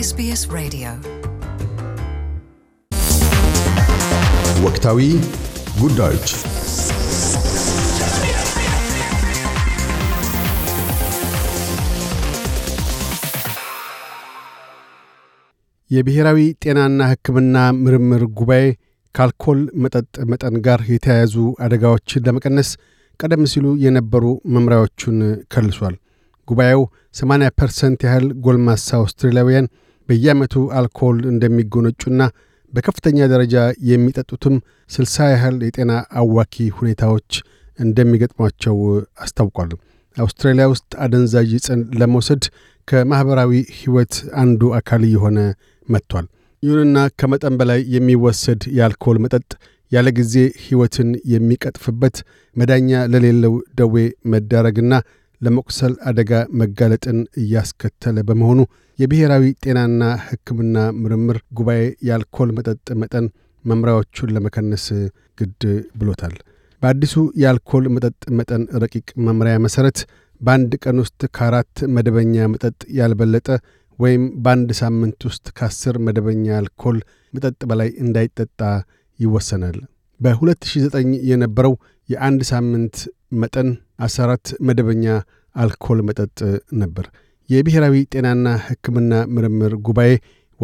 ኤስቢኤስ Radio. ወቅታዊ ጉዳዮች የብሔራዊ ጤናና ሕክምና ምርምር ጉባኤ ከአልኮል መጠጥ መጠን ጋር የተያያዙ አደጋዎችን ለመቀነስ ቀደም ሲሉ የነበሩ መምሪያዎቹን ከልሷል። ጉባኤው 80 ፐርሰንት ያህል ጎልማሳ አውስትራሊያውያን በየዓመቱ አልኮል እንደሚጎነጩና በከፍተኛ ደረጃ የሚጠጡትም 60 ያህል የጤና አዋኪ ሁኔታዎች እንደሚገጥሟቸው አስታውቋል። አውስትራሊያ ውስጥ አደንዛዥ ጽን ለመውሰድ ከማኅበራዊ ሕይወት አንዱ አካል እየሆነ መጥቷል። ይሁንና ከመጠን በላይ የሚወሰድ የአልኮል መጠጥ ያለ ጊዜ ሕይወትን የሚቀጥፍበት መዳኛ ለሌለው ደዌ መዳረግና ለመቁሰል አደጋ መጋለጥን እያስከተለ በመሆኑ የብሔራዊ ጤናና ሕክምና ምርምር ጉባኤ የአልኮል መጠጥ መጠን መምሪያዎቹን ለመከነስ ግድ ብሎታል። በአዲሱ የአልኮል መጠጥ መጠን ረቂቅ መምሪያ መሠረት በአንድ ቀን ውስጥ ከአራት መደበኛ መጠጥ ያልበለጠ ወይም በአንድ ሳምንት ውስጥ ከአስር መደበኛ አልኮል መጠጥ በላይ እንዳይጠጣ ይወሰናል። በ2009 የነበረው የአንድ ሳምንት መጠን 14 መደበኛ አልኮል መጠጥ ነበር። የብሔራዊ ጤናና ሕክምና ምርምር ጉባኤ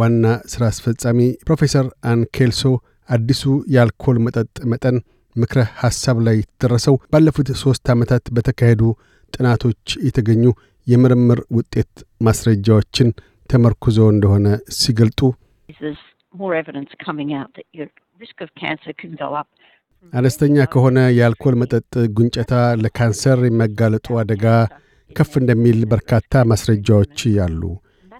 ዋና ሥራ አስፈጻሚ ፕሮፌሰር አንኬልሶ አዲሱ የአልኮል መጠጥ መጠን ምክረ ሐሳብ ላይ የተደረሰው ባለፉት ሦስት ዓመታት በተካሄዱ ጥናቶች የተገኙ የምርምር ውጤት ማስረጃዎችን ተመርኩዞ እንደሆነ ሲገልጡ አነስተኛ ከሆነ የአልኮል መጠጥ ጉንጨታ ለካንሰር የመጋለጡ አደጋ ከፍ እንደሚል በርካታ ማስረጃዎች አሉ።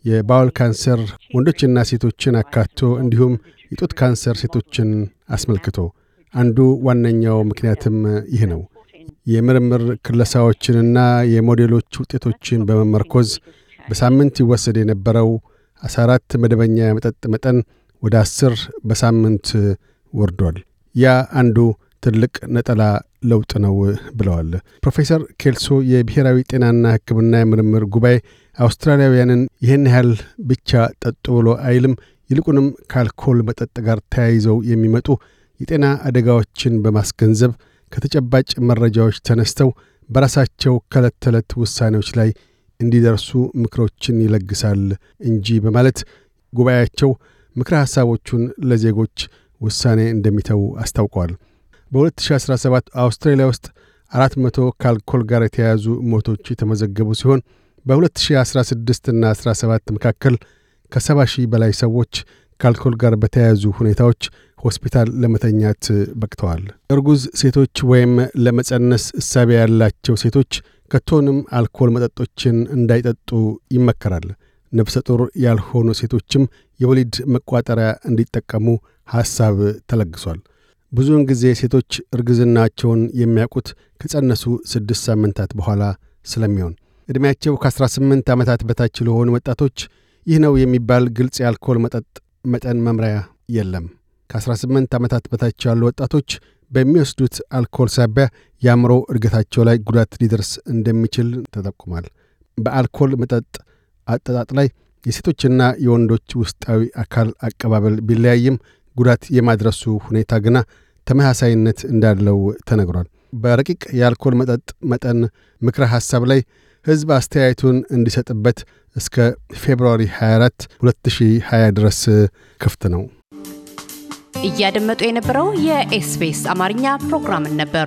የባውል ካንሰር ወንዶችና ሴቶችን አካቶ እንዲሁም የጡት ካንሰር ሴቶችን አስመልክቶ አንዱ ዋነኛው ምክንያትም ይህ ነው። የምርምር ክለሳዎችንና የሞዴሎች ውጤቶችን በመመርኮዝ በሳምንት ይወሰድ የነበረው 14 መደበኛ የመጠጥ መጠን ወደ አስር በሳምንት ወርዷል። ያ አንዱ ትልቅ ነጠላ ለውጥ ነው ብለዋል ፕሮፌሰር ኬልሶ። የብሔራዊ ጤናና ሕክምና የምርምር ጉባኤ አውስትራሊያውያንን ይህን ያህል ብቻ ጠጡ ብሎ አይልም፣ ይልቁንም ከአልኮል መጠጥ ጋር ተያይዘው የሚመጡ የጤና አደጋዎችን በማስገንዘብ ከተጨባጭ መረጃዎች ተነስተው በራሳቸው ከዕለት ተዕለት ውሳኔዎች ላይ እንዲደርሱ ምክሮችን ይለግሳል እንጂ በማለት ጉባኤያቸው ምክረ ሐሳቦቹን ለዜጎች ውሳኔ እንደሚተው አስታውቀዋል። በ2017 አውስትራሊያ ውስጥ 400 ከአልኮል ጋር የተያያዙ ሞቶች የተመዘገቡ ሲሆን በ2016 እና 17 መካከል ከ70 ሺህ በላይ ሰዎች ከአልኮል ጋር በተያያዙ ሁኔታዎች ሆስፒታል ለመተኛት በቅተዋል። እርጉዝ ሴቶች ወይም ለመጸነስ እሳቢያ ያላቸው ሴቶች ከቶንም አልኮል መጠጦችን እንዳይጠጡ ይመከራል። ነፍሰ ጡር ያልሆኑ ሴቶችም የወሊድ መቋጠሪያ እንዲጠቀሙ ሐሳብ ተለግሷል። ብዙውን ጊዜ ሴቶች እርግዝናቸውን የሚያውቁት ከጸነሱ ስድስት ሳምንታት በኋላ ስለሚሆን ዕድሜያቸው ከ18 ዓመታት በታች ለሆኑ ወጣቶች ይህ ነው የሚባል ግልጽ የአልኮል መጠጥ መጠን መምሪያ የለም። ከ18 ዓመታት በታች ያሉ ወጣቶች በሚወስዱት አልኮል ሳቢያ የአእምሮ እድገታቸው ላይ ጉዳት ሊደርስ እንደሚችል ተጠቁሟል። በአልኮል መጠጥ አጠጣጥ ላይ የሴቶችና የወንዶች ውስጣዊ አካል አቀባበል ቢለያይም ጉዳት የማድረሱ ሁኔታ ግና ተመሳሳይነት እንዳለው ተነግሯል። በረቂቅ የአልኮል መጠጥ መጠን ምክረ ሐሳብ ላይ ሕዝብ አስተያየቱን እንዲሰጥበት እስከ ፌብርዋሪ 24 2020 ድረስ ክፍት ነው። እያደመጡ የነበረው የኤስቢኤስ አማርኛ ፕሮግራምን ነበር።